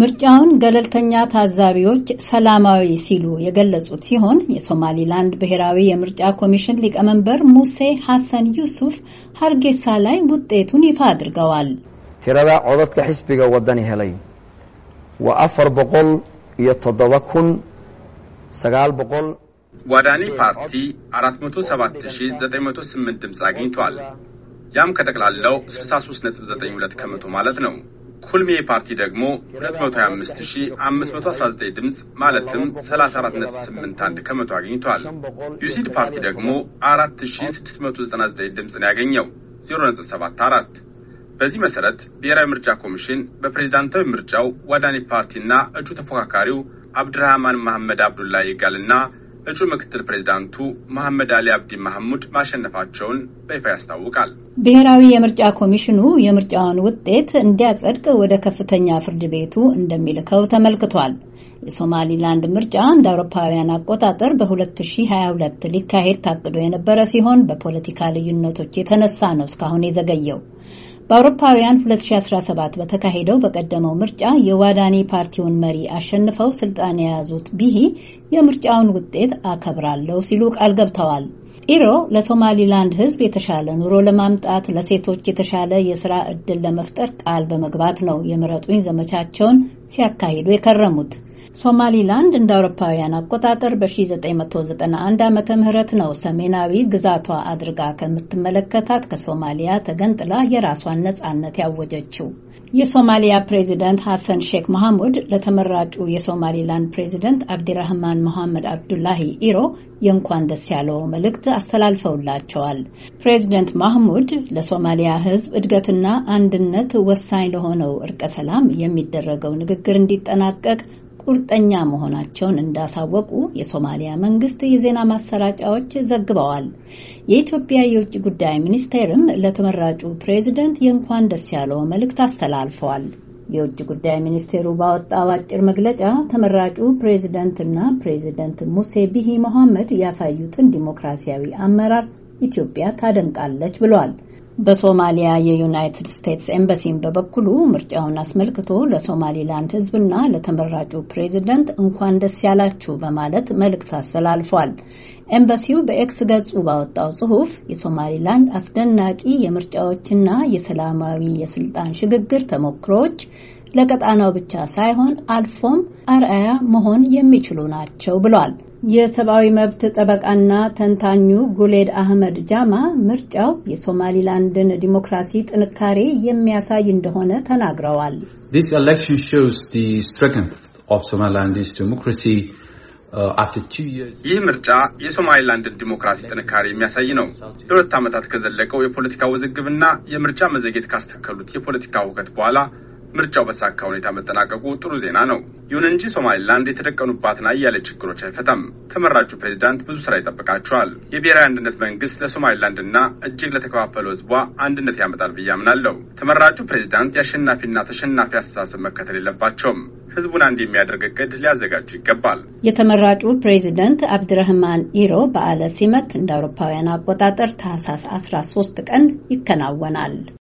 ምርጫውን ገለልተኛ ታዛቢዎች ሰላማዊ ሲሉ የገለጹት ሲሆን የሶማሊላንድ ብሔራዊ የምርጫ ኮሚሽን ሊቀመንበር ሙሴ ሐሰን ዩሱፍ ሀርጌሳ ላይ ውጤቱን ይፋ አድርገዋል። tirada codadka xisbiga ወደን ይሄለይ ወአፈር በቆል የተደበ ኩን ሰጋል በቆል ዋዳኒ ፓርቲ 407908 ድምፅ አግኝቷል። ያም ከጠቅላላው 63.92 ከመቶ ማለት ነው። ኩልሜ ፓርቲ ደግሞ 225519 ድምፅ ማለትም 34.81 ከመቶ አግኝቷል። ዩሲድ ፓርቲ ደግሞ 4699 ድምፅ ነው ያገኘው 0.74። በዚህ መሰረት ብሔራዊ ምርጫ ኮሚሽን በፕሬዝዳንታዊ ምርጫው ዋዳኒ ፓርቲና እጩ ተፎካካሪው አብድራህማን መሐመድ አብዱላ ይጋልና እጩ ምክትል ፕሬዚዳንቱ መሐመድ አሊ አብዲ መሐሙድ ማሸነፋቸውን በይፋ ያስታውቃል። ብሔራዊ የምርጫ ኮሚሽኑ የምርጫውን ውጤት እንዲያጸድቅ ወደ ከፍተኛ ፍርድ ቤቱ እንደሚልከው ተመልክቷል። የሶማሊላንድ ምርጫ እንደ አውሮፓውያን አቆጣጠር በ2022 ሊካሄድ ታቅዶ የነበረ ሲሆን በፖለቲካ ልዩነቶች የተነሳ ነው እስካሁን የዘገየው። በአውሮፓውያን 2017 በተካሄደው በቀደመው ምርጫ የዋዳኒ ፓርቲውን መሪ አሸንፈው ስልጣን የያዙት ቢሂ የምርጫውን ውጤት አከብራለሁ ሲሉ ቃል ገብተዋል። ኢሮ ለሶማሊላንድ ሕዝብ የተሻለ ኑሮ ለማምጣት ለሴቶች የተሻለ የስራ ዕድል ለመፍጠር ቃል በመግባት ነው የምረጡኝ ዘመቻቸውን ሲያካሂዱ የከረሙት። ሶማሊላንድ እንደ አውሮፓውያን አቆጣጠር በ1991 ዓ ምህረት ነው ሰሜናዊ ግዛቷ አድርጋ ከምትመለከታት ከሶማሊያ ተገንጥላ የራሷን ነጻነት ያወጀችው። የሶማሊያ ፕሬዚደንት ሐሰን ሼክ መሐሙድ ለተመራጩ የሶማሊላንድ ፕሬዚደንት አብዲራህማን መሐመድ አብዱላሂ ኢሮ የእንኳን ደስ ያለው መልእክት አስተላልፈውላቸዋል። ፕሬዚደንት ማህሙድ ለሶማሊያ ሕዝብ እድገትና አንድነት ወሳኝ ለሆነው እርቀ ሰላም የሚደረገው ንግግር እንዲጠናቀቅ ቁርጠኛ መሆናቸውን እንዳሳወቁ የሶማሊያ መንግስት የዜና ማሰራጫዎች ዘግበዋል። የኢትዮጵያ የውጭ ጉዳይ ሚኒስቴርም ለተመራጩ ፕሬዚደንት የእንኳን ደስ ያለው መልእክት አስተላልፈዋል። የውጭ ጉዳይ ሚኒስቴሩ ባወጣው አጭር መግለጫ ተመራጩ ፕሬዚደንትና ፕሬዚደንት ሙሴ ቢሂ መሐመድ ያሳዩትን ዲሞክራሲያዊ አመራር ኢትዮጵያ ታደንቃለች ብሏል። በሶማሊያ የዩናይትድ ስቴትስ ኤምባሲም በበኩሉ ምርጫውን አስመልክቶ ለሶማሊላንድ ሕዝብና ለተመራጩ ፕሬዚደንት እንኳን ደስ ያላችሁ በማለት መልእክት አስተላልፏል። ኤምባሲው በኤክስ ገጹ ባወጣው ጽሑፍ የሶማሊላንድ አስደናቂ የምርጫዎችና የሰላማዊ የስልጣን ሽግግር ተሞክሮዎች ለቀጣናው ብቻ ሳይሆን አልፎም አርአያ መሆን የሚችሉ ናቸው ብሏል። የሰብአዊ መብት ጠበቃና ተንታኙ ጉሌድ አህመድ ጃማ ምርጫው የሶማሊላንድን ዲሞክራሲ ጥንካሬ የሚያሳይ እንደሆነ ተናግረዋል። uh, ይህ ምርጫ የሶማሊላንድን ዲሞክራሲ ጥንካሬ የሚያሳይ ነው። ለሁለት ዓመታት ከዘለቀው የፖለቲካ ውዝግብና የምርጫ መዘግየት ካስተከሉት የፖለቲካ ውከት በኋላ ምርጫው በሳካ ሁኔታ መጠናቀቁ ጥሩ ዜና ነው። ይሁን እንጂ ሶማሌላንድ የተደቀኑባትን አያሌ ችግሮች አይፈታም። ተመራጩ ፕሬዚዳንት ብዙ ስራ ይጠብቃቸዋል። የብሔራዊ አንድነት መንግስት ለሶማሌላንድና እጅግ ለተከፋፈሉ ህዝቧ አንድነት ያመጣል ብዬ አምናለሁ። ተመራጩ ፕሬዚዳንት የአሸናፊና ተሸናፊ አስተሳሰብ መከተል የለባቸውም። ህዝቡን አንድ የሚያደርግ እቅድ ሊያዘጋጁ ይገባል። የተመራጩ ፕሬዚደንት አብድረህማን ኢሮ በዓለ ሲመት እንደ አውሮፓውያን አቆጣጠር ታህሳስ 13 ቀን ይከናወናል።